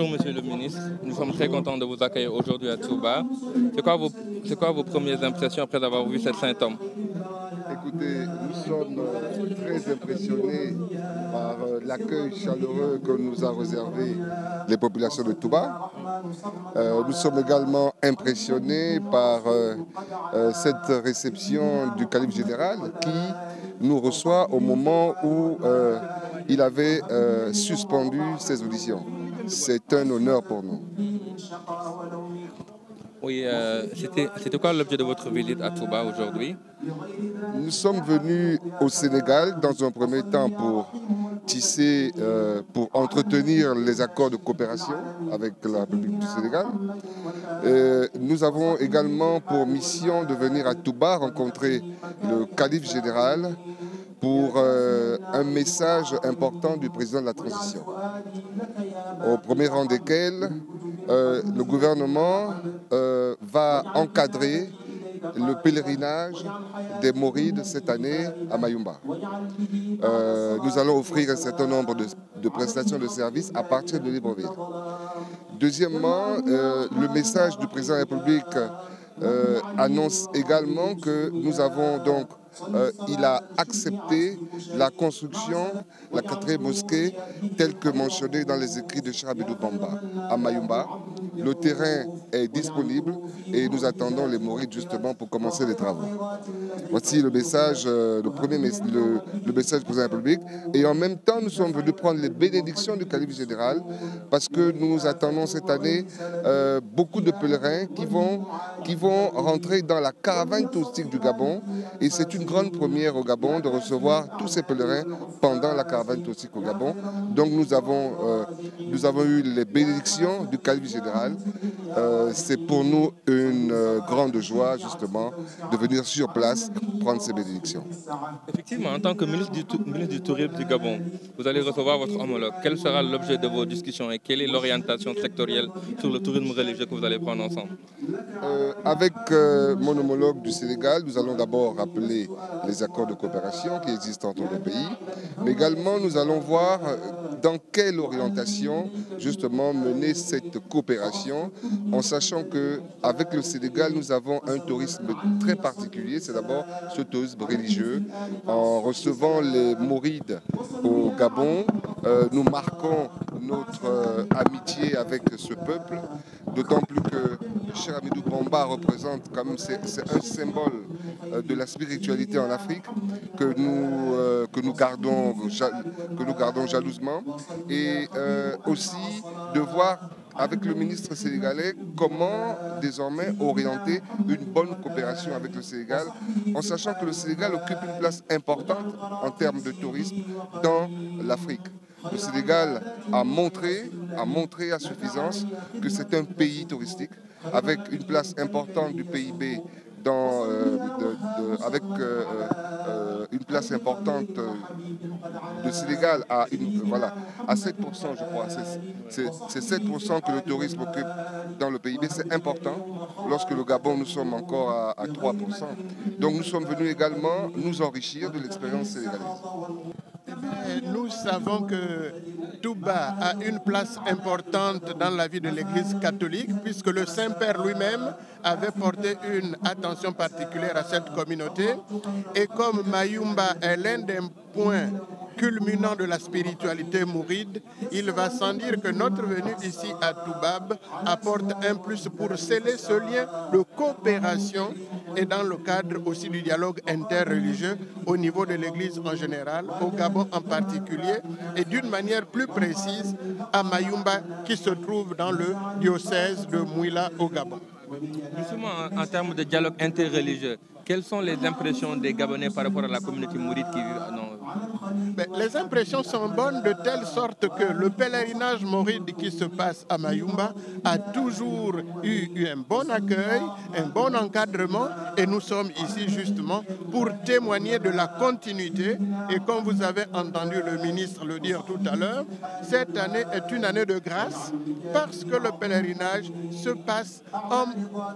Bonjour Monsieur le Ministre, nous sommes très contents de vous accueillir aujourd'hui à Touba. C'est quoi, vos, c'est quoi vos premières impressions après avoir vu cette saint Écoutez, nous sommes euh, très impressionnés par euh, l'accueil chaleureux que nous a réservé les populations de Touba. Euh, nous sommes également impressionnés par cette réception du calife général qui nous reçoit au moment où il avait suspendu ses auditions. C'est un honneur pour nous. Oui, euh, c'était quoi l'objet de votre visite à Touba aujourd'hui Nous sommes venus au Sénégal dans un premier temps pour tisser, euh, pour entretenir les accords de coopération avec la République du Sénégal. Euh, nous avons également pour mission de venir à Touba rencontrer le calife général pour euh, un message important du président de la transition, au premier rang desquels euh, le gouvernement euh, va encadrer le pèlerinage des Maurides cette année à Mayumba. Euh, nous allons offrir un certain nombre de, de, prestations de services à partir de Libreville. Deuxièmement, euh, le message du président de la République euh, annonce également que nous avons donc Euh, il a accepté la construction de la quatrième mosquée telle que mentionnée dans les écrits de Charabidou Bamba à Mayumba. Le terrain est disponible et nous attendons les Maurites justement pour commencer les travaux. Voici le euh, premier le, message du président de la République. Et en même temps, nous sommes venus prendre les bénédictions du calife général parce que nous attendons cette année euh, beaucoup de pèlerins qui vont, rentrer dans la caravane touristique du Gabon. grande première au Gabon de recevoir tous ces pèlerins pendant la caravane touristique au Gabon. Donc nous avons, euh, nous eu les bénédictions du calife général. Euh, c'est pour nous une euh, grande joie justement de venir sur place prendre ces bénédictions. Effectivement, en tant que ministre du, Tourisme du Gabon, vous allez recevoir votre homologue. Quel sera l'objet de vos discussions et quelle est l'orientation sectorielle sur le tourisme religieux que vous allez prendre Euh, avec euh, mon homologue du Sénégal, nous allons d'abord rappeler les accords de coopération qui existent entre nos pays, mais également nous allons voir euh, dans quelle orientation justement mener cette coopération, en sachant que avec le Sénégal, nous avons un tourisme très particulier, c'est d'abord ce tourisme religieux. En recevant les Mourides au Gabon, euh, nous marquons notre euh, amitié avec ce peuple D'autant plus que cher Amidou Bamba représente quand même, c'est un symbole euh, de la spiritualité en Afrique que nous, euh, que nous, gardons, que nous gardons jalousement. Et euh, aussi de voir avec le ministre sénégalais comment désormais orienter une bonne coopération avec le Sénégal, en sachant que le Sénégal occupe une place importante en termes de tourisme dans l'Afrique. Le Sénégal a montré, a montré à suffisance que c'est un pays touristique, avec une place importante du PIB euh, de, de, avec euh, euh, euh une place importante euh, de Sénégal à, une, voilà, à 7%, je crois. C'est 7% que le tourisme occupe dans le PIB. C'est important. Lorsque le Gabon, nous sommes encore à, à 3%. Donc nous sommes venus également nous enrichir de l'expérience sénégalaise. nous savons que Touba a une place importante dans la vie de l'Église catholique, puisque le Saint-Père lui-même avait porté une attention particulière à cette communauté. Et comme Mayumba est l'un des points culminant de la spiritualité mouride, il va sans dire que notre venue ici à Toubab apporte un plus pour sceller ce lien de coopération et dans le cadre aussi du dialogue interreligieux au niveau de l'Église en général, au Gabon en particulier, et d'une manière plus précise à Mayumba qui se trouve dans le diocèse de Mouila au Gabon. Justement, en, en termes de dialogue interreligieux, quelles sont les impressions des Gabonais par rapport à la communauté mouride qui vit les impressions sont bonnes de telle sorte que le pèlerinage mouride qui se passe à Mayumba a toujours eu, eu un bon accueil, un bon encadrement et nous sommes ici justement pour témoigner de la continuité et comme vous avez entendu le ministre le dire tout à l'heure, cette année est une année de grâce parce que le pèlerinage se passe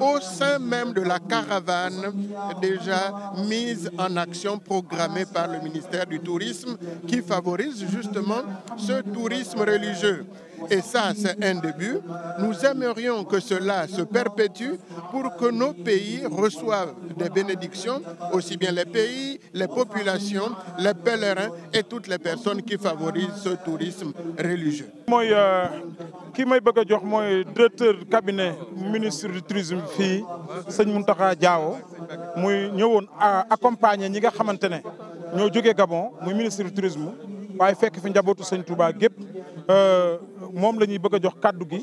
au sein même de la caravane déjà mise en action, programmée par le ministère du Tourisme qui favorise justement ce tourisme religieux. Et ça, c'est un début. Nous aimerions que cela se perpétue pour que nos pays reçoivent des bénédictions, aussi bien les pays, les populations, les pèlerins et toutes les personnes qui favorisent ce tourisme religieux. mooy euh, ki may bëgg a jox mooy directeur cabinet ministre du tourisme fii sëñ Mountakha Diawo muy ñëwoon accompagner ñi nga xamante ne. ñoo jógee Gabon muy ministre du tourisme waaye fekk fi njabootu sëñ Touba gépp euh, moom la ñuy bëgg a jox kàddu gi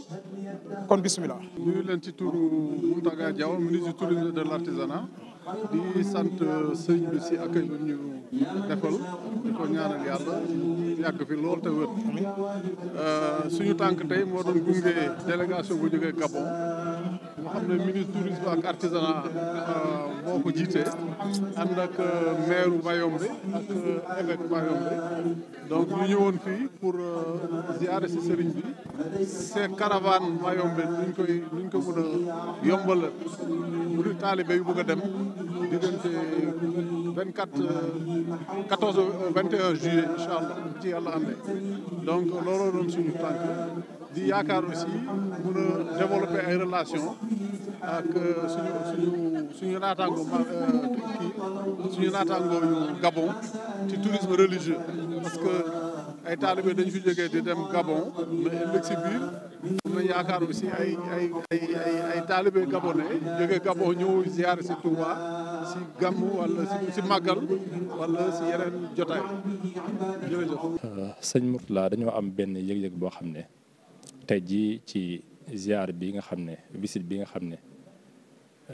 kon bisimilah. nuyu leen ci turu Mountaga Diaw ministre tourisme de l' artisanat di sant euh, sëñ bi si accueil bi ñu defal di ko ñaanal yàlla yàgg fi lool te wër euh, suñu tànk tey moo doon gunge délégation bu jógee Gabon. xam ne ministre tourisme ak artisanat euh, moo ko jiite ànd ak euh, maire Bayombe ak euh, évêque Bayombe donc ñu ñëwoon fii pour ziare si sëriñ bi ces caravanes Bayombe nuñ koy nuñ ko mën a yombal lu taalibe yu bëgg a dem diggante 24 14 21 juillet incha allah ci yàlla àndee donc looloo doon suñu tànk di yaakaar aussi mun a développer ay relation ak euh, suñu suñu suñu euh, Gabon ci tourisme religieux parce que ay taalibe dañ fi jógee di dem Gabon mais yaakaar aussi ay ay ay ay ay Gabon ñëw ziar si Touba si gàmmu wala si si màggal wala si yeneen jotaay jërëjëf. Euh, sëñ Mourtala dañoo am benn yëg-yëg boo xam ne. tey jii ci ziar bi nga xam ne visite bi nga xam ne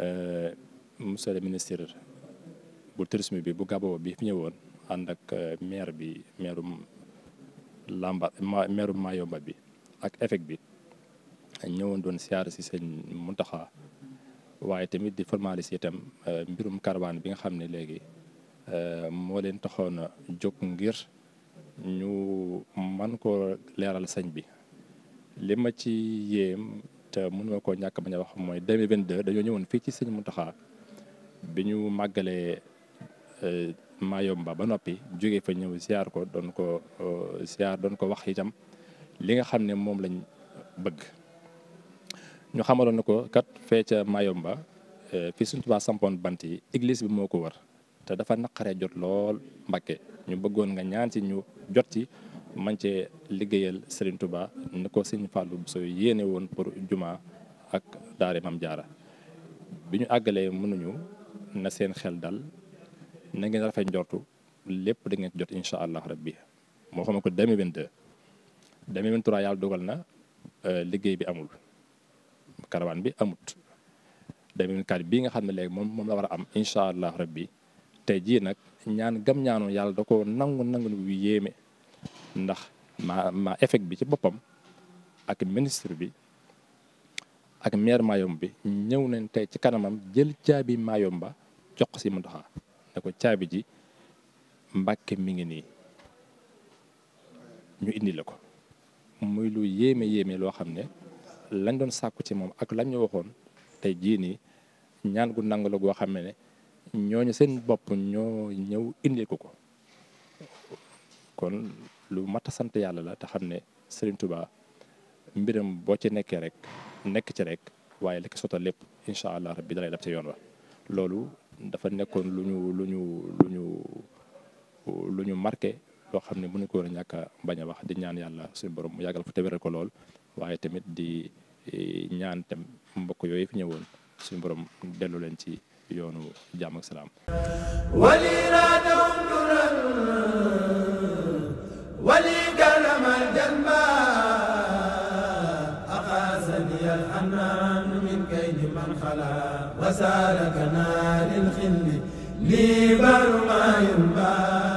euh, monsieur le ministre bu tourisme bi bu Gabon bi fi ñëwoon ànd ak euh, maire bi maire Lamba maire Mayomba bi ak effet bi ñëwoon doon ziar si sëñ Muntaxa waaye tamit di formaliser itam euh, mbirum caravane bi nga xam ne léegi moo leen taxoon a jóg ngir ñu man ko leeral sëñ bi li ma ci yéem te mën nga koo ñàkk bañ a wax mooy 2022 dañoo ñëwoon fii ci sëñ Mountakha bi ñu màggalee euh, Mayomba ba noppi jógee fa ñëw siyaar ko doon ko siyaar euh, doon ko wax itam li nga xam ne moom lañ bëgg ñu xamaloon na ko kat fee ca Mayomba euh, fi suñ Tuubaa sampoon bant yi église bi moo ko wër te dafa naqaree jot lool Mbàkke ñu bëggoon nga ñaan ci ñu jot ci man cee liggéeyal Serigne Touba na ko Serigne Fallou Bousso yéene woon pour jumaa ak daare Mam Jaara bi ñu àggalee mënuñu na seen xel dal na ngeen rafet njortu lépp da ngeen jot incha allah rabbi moo xam ko 2022 2023 yàlla dogal na euh, liggéey bi amul caravane bi amut 2024 bi nga xam ne léegi moom moom la war a am incha allah rabbi tey jii nag ñaan gam ñaanoon yàlla da ko nangu nangu wi yéeme. ndax ma ma effet bi ci boppam ak ministre bi ak maire Mayombe bi ñëw nañ tey ci kanamam jël caabi Mayomba jox ko si Muntaxa ne ko caabi ji mbakke mi ngi nii ñu indi la ko muy lu yéeme yéeme loo xam ne lañ doon sàkku ci moom ak lañ waxoon tey jii nii ñaan gu nangu la goo xam ne ne ñooñu seen bopp ñoo ñëw indi ko ko kon lu mat a sant yàlla la te xam ne Serigne Touba mbiram boo ci nekkee rek nekk ci rek waaye li ko lépp incha allah rabbi dalay def ci yoon wa loolu dafa nekkoon lu ñu lu ñu lu ñu lu ñu marqué loo xam ne mënuñu ko war a ñàkk a bañ a wax di ñaan yàlla suñu borom mu yàggal ko te wéral ko lool waaye tamit di eh, ñaan tam mbokk yooyu fi ñëwoon suñu borom dellu leen ci yoonu jàmm ak salaam. خلا وسالك نار الخل لي بر ما ينبغي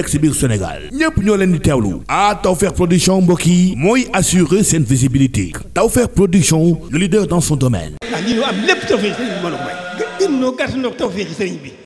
nekk si biir Sénégal ñépp ñoo leen di teewlu ah Tawfekh production mbokk yi mooy assurer seen visibilité Tawfekh production le leader dans son domaine. ah am lépp Tawfekh sëriñ bi a may. gën